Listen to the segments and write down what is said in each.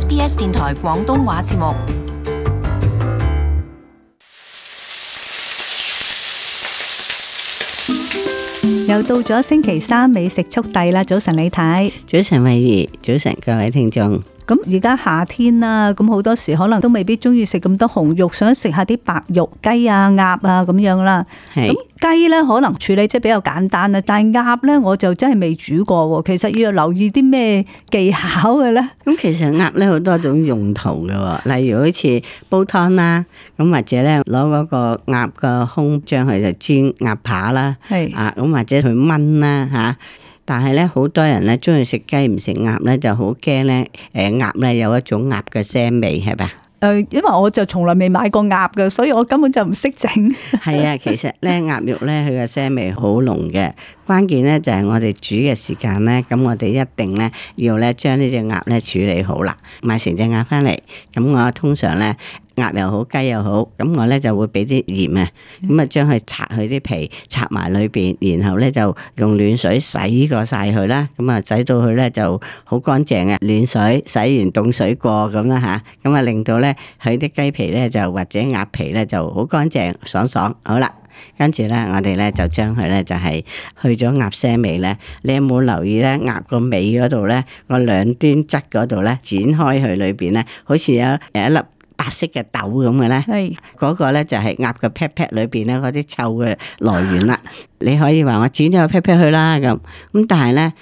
SBS 電台廣東話節目，又到咗星期三美食速遞啦！早晨，李太，早晨，慧怡，早晨，各位聽眾。咁而家夏天啦，咁好多時可能都未必中意食咁多紅肉，想食下啲白肉雞啊、鴨啊咁樣啦。係。雞咧可能處理即係比較簡單啦，但係鴨咧我就真係未煮過喎。其實要留意啲咩技巧嘅咧？咁其實鴨咧好多種用途嘅， 例如好似煲湯啦，咁或者咧攞嗰個鴨嘅胸將佢就煎鴨扒啦，係啊是，咁或者去燜啦嚇。但係咧好多人咧中意食雞唔食鴨咧，就好驚咧誒鴨咧有一種鴨嘅腥味係咪啊？因為我就從來未買過鴨嘅，所以我根本就唔識整。係啊，其實咧，鴨肉咧，佢嘅腥味好濃嘅。關鍵咧就係我哋煮嘅時間咧，咁我哋一定咧要咧將呢隻鴨咧處理好啦。買成隻鴨翻嚟，咁我通常咧鴨又好雞又好，咁我咧就會俾啲鹽啊，咁啊將佢擦佢啲皮，擦埋裏邊，然後咧就用暖水洗過晒佢啦。咁啊洗到佢咧就好乾淨啊。暖水洗完凍水過咁啦吓，咁啊令到咧佢啲雞皮咧就或者鴨皮咧就好乾淨爽爽，好啦。跟住咧，我哋咧就將佢咧就係去咗鴨腥味咧。你有冇留意咧鴨個尾嗰度咧，個兩端側嗰度咧剪開佢裏邊咧，好似有誒一粒白色嘅豆咁嘅咧。嗰是個咧就係鴨嘅屁屁裏邊咧嗰啲臭嘅來源啦。你可以話我剪咗個屁屁去啦咁。咁但係咧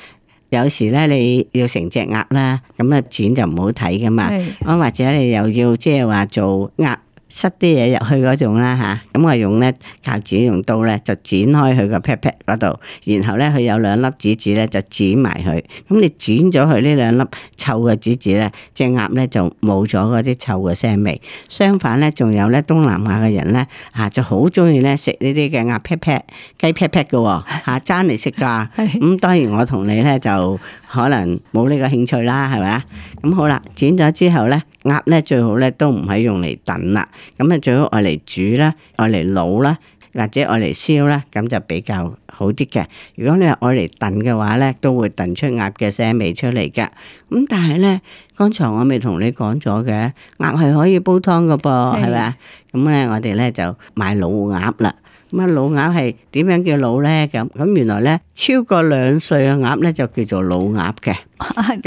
有時咧你要成隻鴨啦，咁咧剪就唔好睇噶嘛。咁是或者你又要即係話做鴨。塞啲嘢入去嗰種啦嚇，咁、啊、我用咧靠剪用刀咧就剪開佢個 pat pat 嗰度，然後咧佢有兩粒紙紙咧就剪埋佢，咁你剪咗佢呢兩粒臭嘅紙紙咧，隻、啊、鴨咧就冇咗嗰啲臭嘅腥味。相反咧，仲有咧東南亞嘅人咧啊，就好中意咧食呢啲嘅鴨 pat pat、雞 pat pat 嘅喎嚇，爭嚟食㗎。咁、 嗯、當然我同你咧就。可能冇呢個興趣啦，係咪啊？咁好啦，剪咗之後咧，鴨咧最好咧都唔係用嚟燉啦，咁啊最好愛嚟煮啦，愛嚟滷啦，或者愛嚟燒啦，咁就比較好啲嘅。如果你係愛嚟燉嘅話咧，都會燉出鴨嘅腥味出嚟㗎。咁但係咧，剛才我未同你講咗嘅，鴨係可以煲湯㗎噃，係咪啊？咁咧我哋咧就買老鴨啦。咁啊老鴨係點樣叫老咧？咁咁原來咧。超過兩歲嘅鴨咧就叫做老鴨嘅，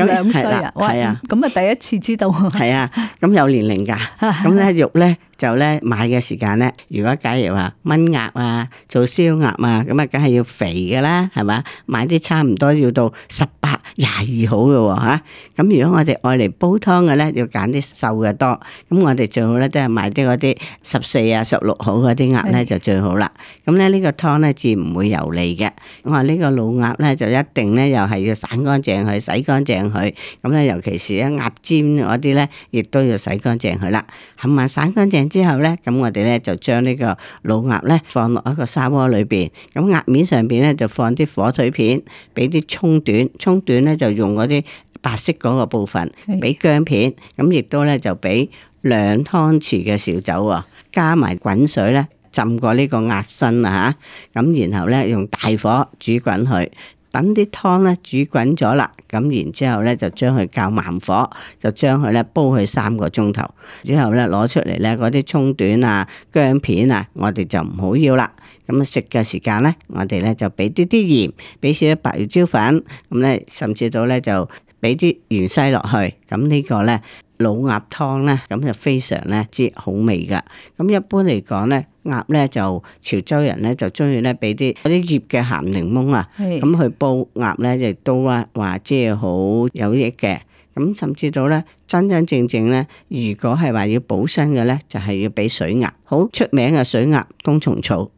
兩歲啊，係啊，咁啊第一次知道。係啊，咁有年齡㗎。咁咧肉咧就咧買嘅時間咧，如果假如話炆鴨啊，做燒鴨啊，咁啊梗係要肥㗎啦，係嘛？買啲差唔多要到十八廿二號嘅喎嚇。咁如果我哋愛嚟煲湯嘅咧，要揀啲瘦嘅多。咁我哋最好咧都係買啲嗰啲十四啊、十六號嗰啲鴨咧就最好啦。咁咧呢個湯咧至唔會油膩嘅。我話呢個。個老鴨咧就一定咧又係要散乾淨佢，洗乾淨佢，咁咧尤其是咧鴨尖嗰啲咧，亦都要洗乾淨佢啦。冚埋散乾淨之後咧，咁我哋咧就將呢個老鴨咧放落一個砂鍋裏邊，咁鴨面上邊咧就放啲火腿片，俾啲蔥段，蔥段咧就用嗰啲白色嗰個部分，俾是薑片，咁亦都咧就俾兩湯匙嘅紹酒啊，加埋滾水咧。浸過呢個鴨身啊吓，咁然後呢，用大火煮滾佢，等啲湯呢煮滾咗啦，咁然之後呢就將佢較慢火，就將佢呢煲去三個鐘頭，之後呢，攞出嚟呢嗰啲蔥段啊、薑片啊，我哋就唔好要啦。咁食嘅時間呢，我哋呢就俾啲啲鹽，俾少少白胡椒粉，咁、啊、呢，甚至到呢，就俾啲芫茜落去，咁、啊、呢、呢個呢。老鴨湯咧，咁就非常咧，之好味噶。咁一般嚟講咧，鴨咧就潮州人咧就中意咧俾啲嗰啲醃嘅鹹檸檬啊，咁是去煲鴨咧亦都啊話即係好有益嘅。咁甚至到咧真真正正咧，如果係話要補身嘅咧，就係、是、要俾水鴨。好出名嘅水鴨冬蟲草，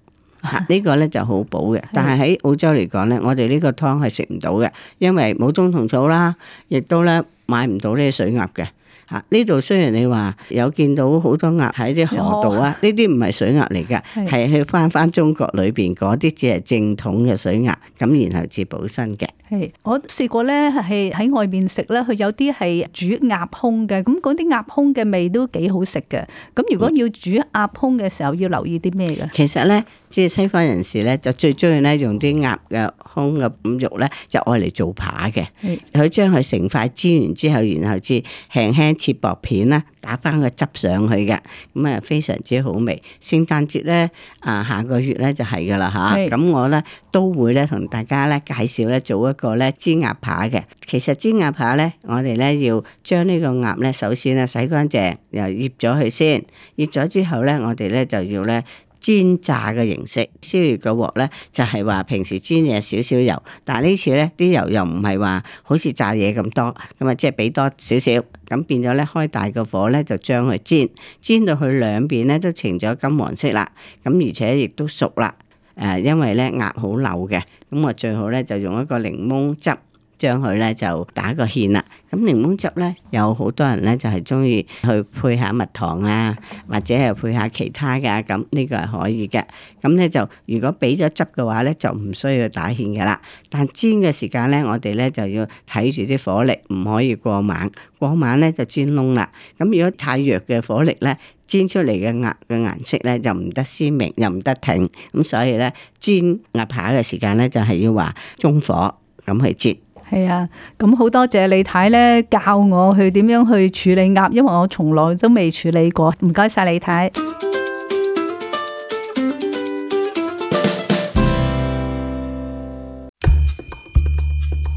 嚇 呢個咧就好補嘅。但係喺澳洲嚟講咧，我哋呢個湯係食唔到嘅，因為冇冬蟲草啦，亦都咧買唔到呢啲水鴨嘅。嚇！呢度雖然你話有見到好多鴨喺啲河道啊，呢啲唔係水鴨嚟㗎，係去返返中國裏邊嗰啲，只係正統嘅水鴨，咁然後至補身嘅。係，我試過咧係喺外面食咧，佢有啲係煮鴨胸嘅，咁嗰啲鴨胸嘅味都幾好食嘅。咁如果要煮鴨胸嘅時候，嗯、要留意啲咩㗎？其實咧，即係西方人士咧，就最中意咧用啲鴨嘅胸嘅五肉咧，就愛嚟做扒嘅。佢將佢成塊煎完之後，然後至輕輕，切薄片咧，打翻個汁上去嘅，咁啊非常之好味。聖誕節咧，啊下個月咧就係噶啦吓，咁是我咧都會咧同大家咧介紹咧做一個咧煎鴨扒嘅。其實煎鴨扒咧，我哋咧要將呢個鴨咧，首先咧洗乾淨，又醃咗佢先，醃咗之後咧，我哋咧就要咧。煎炸嘅形式，燒熱個鑊呢，就係話平時煎嘢少少油，但係呢次呢啲油又唔係話好似炸嘢咁多，咁啊即係俾多少少，咁變咗呢，開大個火呢，就將佢煎，煎到佢兩邊呢都呈咗金黃色啦，咁而且亦都熟啦，誒、呃，因為呢，鴨好漏嘅，咁我最好呢，就用一個檸檬汁。將佢咧就打個芡啦。咁檸檬汁咧，有好多人咧就係中意去配下蜜糖啊，或者係配下其他噶。咁呢個係可以嘅。咁咧就如果俾咗汁嘅話咧，就唔需要打芡噶啦。但煎嘅時間咧，我哋咧就要睇住啲火力，唔可以過猛。過猛咧就煎燶啦。咁如果太弱嘅火力咧，煎出嚟嘅鴨嘅顏色咧就唔得鮮明，又唔得挺。咁所以咧煎鴨扒嘅時間咧就係要話中火咁去煎。係啊，咁好多謝李太咧教我去點樣去處理鴨，因為我從來都未處理過。唔該晒李太。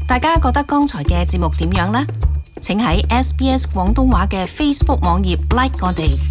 大家覺得剛才嘅節目點樣呢？請喺 SBS 廣東話嘅 Facebook 網頁 like 我哋。